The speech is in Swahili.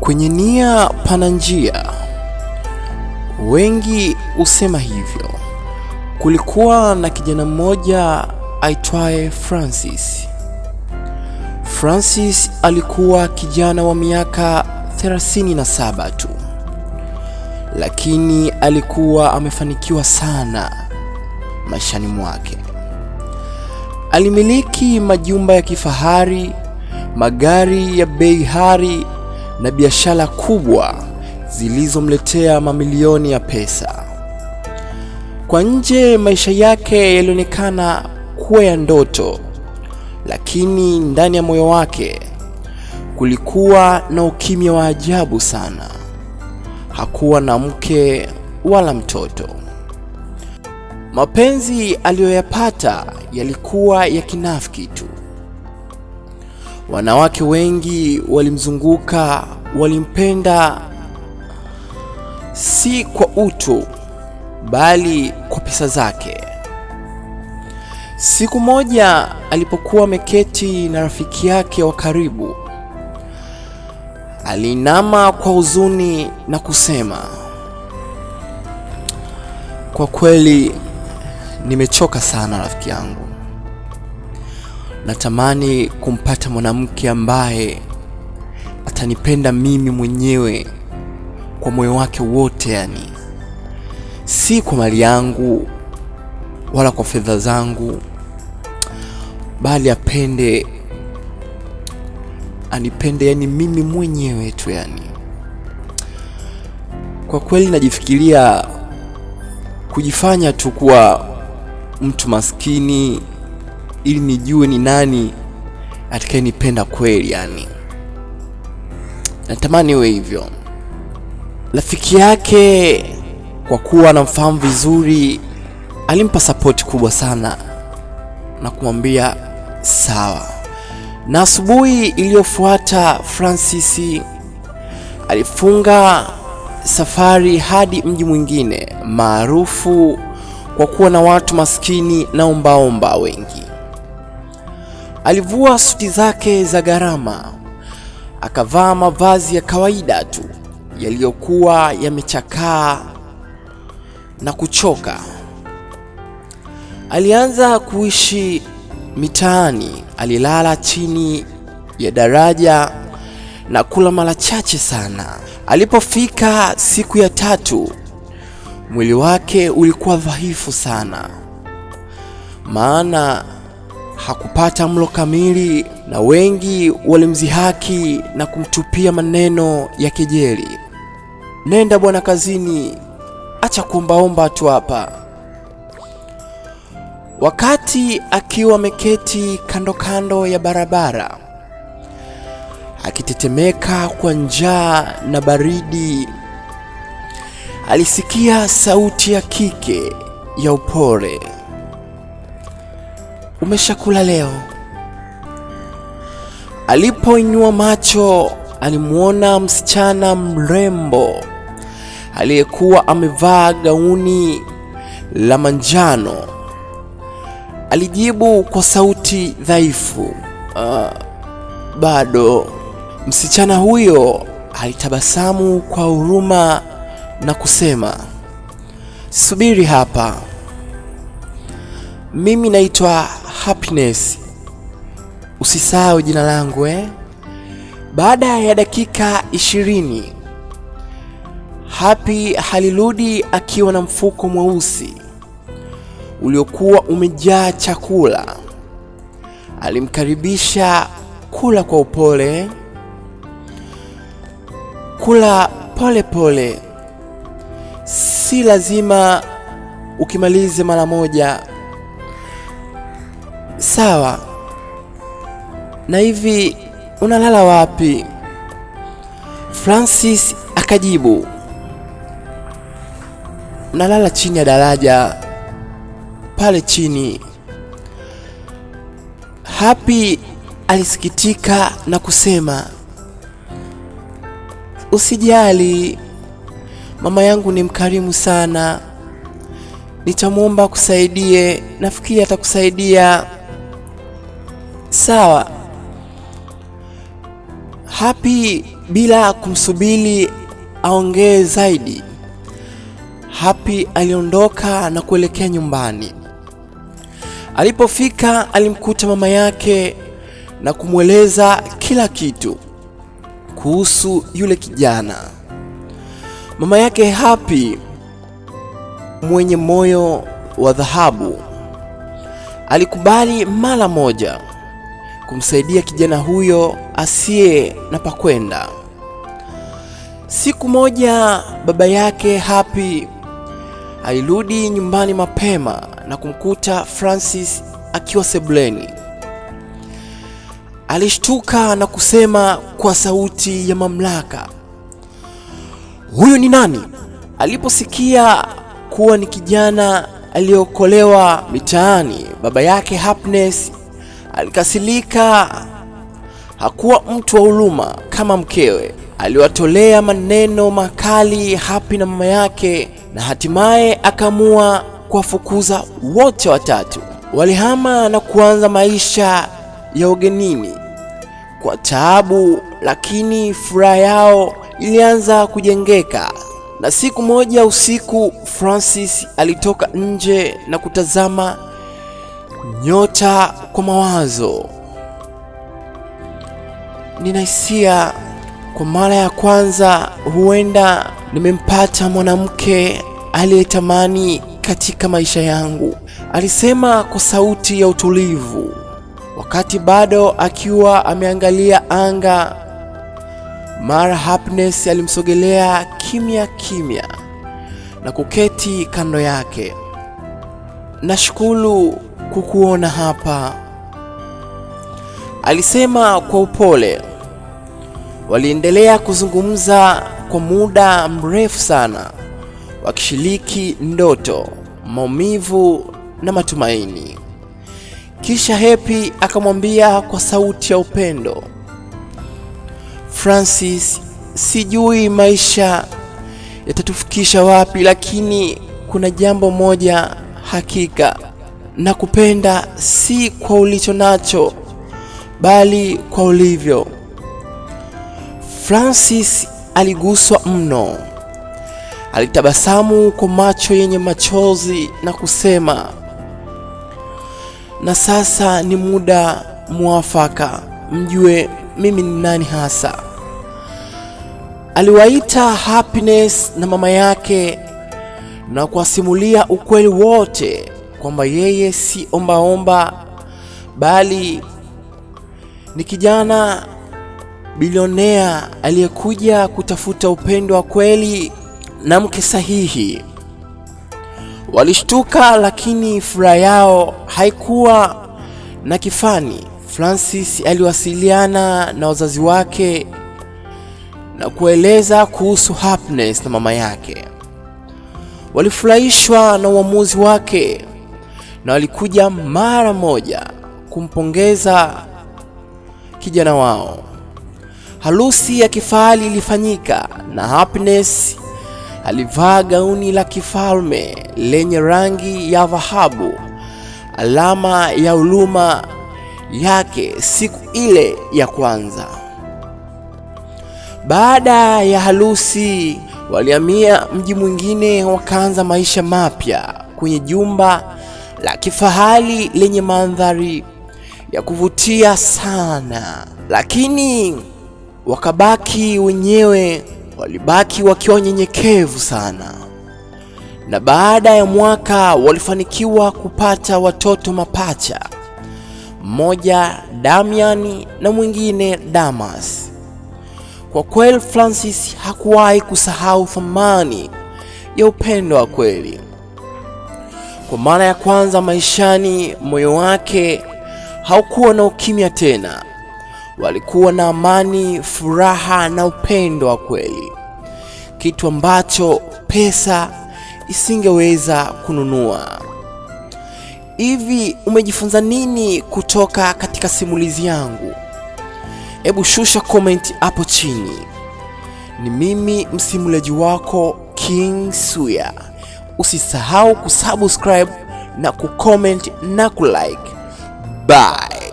Kwenye nia pana njia, wengi husema hivyo. Kulikuwa na kijana mmoja aitwaye Francis. Francis alikuwa kijana wa miaka 37 tu, lakini alikuwa amefanikiwa sana maishani mwake. Alimiliki majumba ya kifahari, magari ya bei ghali na biashara kubwa zilizomletea mamilioni ya pesa. Kwa nje maisha yake yalionekana kuwa ya ndoto, lakini ndani ya moyo wake kulikuwa na ukimya wa ajabu sana. Hakuwa na mke wala mtoto. Mapenzi aliyoyapata yalikuwa ya kinafiki tu. Wanawake wengi walimzunguka, walimpenda si kwa utu bali kwa pesa zake. Siku moja alipokuwa ameketi na rafiki yake wa karibu, aliinama kwa huzuni na kusema, kwa kweli nimechoka sana rafiki yangu natamani kumpata mwanamke ambaye atanipenda mimi mwenyewe kwa moyo wake wote, yani si kwa mali yangu wala kwa fedha zangu, bali apende anipende, yani mimi mwenyewe tu. Yani kwa kweli najifikiria kujifanya tu kuwa mtu maskini ili nijue ni nani atakayenipenda kweli. Yani natamani iwe hivyo. Rafiki yake kwa kuwa anamfahamu vizuri, alimpa sapoti kubwa sana na kumwambia sawa. Na asubuhi iliyofuata Francis alifunga safari hadi mji mwingine maarufu kwa kuwa na watu maskini na ombaomba wengi. Alivua suti zake za gharama, akavaa mavazi ya kawaida tu yaliyokuwa yamechakaa na kuchoka. Alianza kuishi mitaani, alilala chini ya daraja na kula mara chache sana. Alipofika siku ya tatu, mwili wake ulikuwa dhaifu sana, maana hakupata mlo kamili, na wengi walimzihaki na kumtupia maneno ya kejeli. Nenda bwana kazini, acha kuombaomba tu hapa. Wakati akiwa ameketi kando kando ya barabara akitetemeka kwa njaa na baridi, alisikia sauti ya kike ya upole umeshakula leo? Alipoinua macho alimuona msichana mrembo aliyekuwa amevaa gauni la manjano. Alijibu kwa sauti dhaifu, uh, bado. Msichana huyo alitabasamu kwa huruma na kusema, subiri hapa, mimi naitwa Happiness, usisahau jina langu eh. Baada ya dakika ishirini Happy alirudi akiwa na mfuko mweusi uliokuwa umejaa chakula. Alimkaribisha kula kwa upole, kula pole pole, si lazima ukimalize mara moja. Sawa. Na hivi unalala wapi? Francis akajibu, nalala chini ya daraja pale chini. Happy alisikitika na kusema, usijali, mama yangu ni mkarimu sana, nitamwomba akusaidie, nafikiri atakusaidia sawa. Happy bila kumsubiri aongee zaidi, Happy aliondoka na kuelekea nyumbani. Alipofika alimkuta mama yake na kumweleza kila kitu kuhusu yule kijana. Mama yake Happy mwenye moyo wa dhahabu alikubali mara moja kumsaidia kijana huyo asiye na pakwenda. Siku moja baba yake Happy alirudi nyumbani mapema na kumkuta Francis akiwa sebuleni. Alishtuka na kusema kwa sauti ya mamlaka, huyu ni nani? Aliposikia kuwa ni kijana aliyokolewa mitaani, baba yake Happiness alikasilika hakuwa mtu wa huruma kama mkewe. Aliwatolea maneno makali Hapi na mama yake, na hatimaye akaamua kuwafukuza wote watatu. Walihama na kuanza maisha ya ugenini kwa taabu, lakini furaha yao ilianza kujengeka. Na siku moja usiku, Francis alitoka nje na kutazama Nyota kwa mawazo. ninahisia kwa mara ya kwanza, huenda nimempata mwanamke aliyetamani katika maisha yangu, alisema kwa sauti ya utulivu, wakati bado akiwa ameangalia anga. Mara Happiness alimsogelea kimya kimya na kuketi kando yake nashukuru kukuona hapa, alisema kwa upole. Waliendelea kuzungumza kwa muda mrefu sana, wakishiriki ndoto, maumivu na matumaini. Kisha Happy akamwambia kwa sauti ya upendo, Francis, sijui maisha yatatufikisha wapi, lakini kuna jambo moja Hakika na kupenda si kwa ulicho nacho, bali kwa ulivyo. Francis aliguswa mno, alitabasamu kwa macho yenye machozi na kusema, na sasa ni muda mwafaka mjue mimi ni nani hasa. Aliwaita Happiness na mama yake na kuwasimulia ukweli wote kwamba yeye si ombaomba bali ni kijana bilionea aliyekuja kutafuta upendo wa kweli na mke sahihi. Walishtuka, lakini furaha yao haikuwa na kifani. Francis aliwasiliana na wazazi wake na kueleza kuhusu Happiness na mama yake walifurahishwa na uamuzi wake na walikuja mara moja kumpongeza kijana wao. Harusi ya kifahari ilifanyika na Happiness alivaa gauni la kifalme lenye rangi ya dhahabu, alama ya huruma yake siku ile ya kwanza. Baada ya harusi walihamia mji mwingine, wakaanza maisha mapya kwenye jumba la kifahari lenye mandhari ya kuvutia sana, lakini wakabaki wenyewe, walibaki wakiwa nyenyekevu sana, na baada ya mwaka walifanikiwa kupata watoto mapacha, mmoja Damian na mwingine Damas. Kwa kweli Francis hakuwahi kusahau thamani ya upendo wa kweli. Kwa mara ya kwanza maishani, moyo wake haukuwa na ukimya tena, walikuwa na amani, furaha na upendo wa kweli, kitu ambacho pesa isingeweza kununua. Hivi umejifunza nini kutoka katika simulizi yangu? hebu shusha komenti hapo chini. Ni mimi msimulaji wako King Suya. Usisahau kusubscribe na kucomment na kulike. Bye.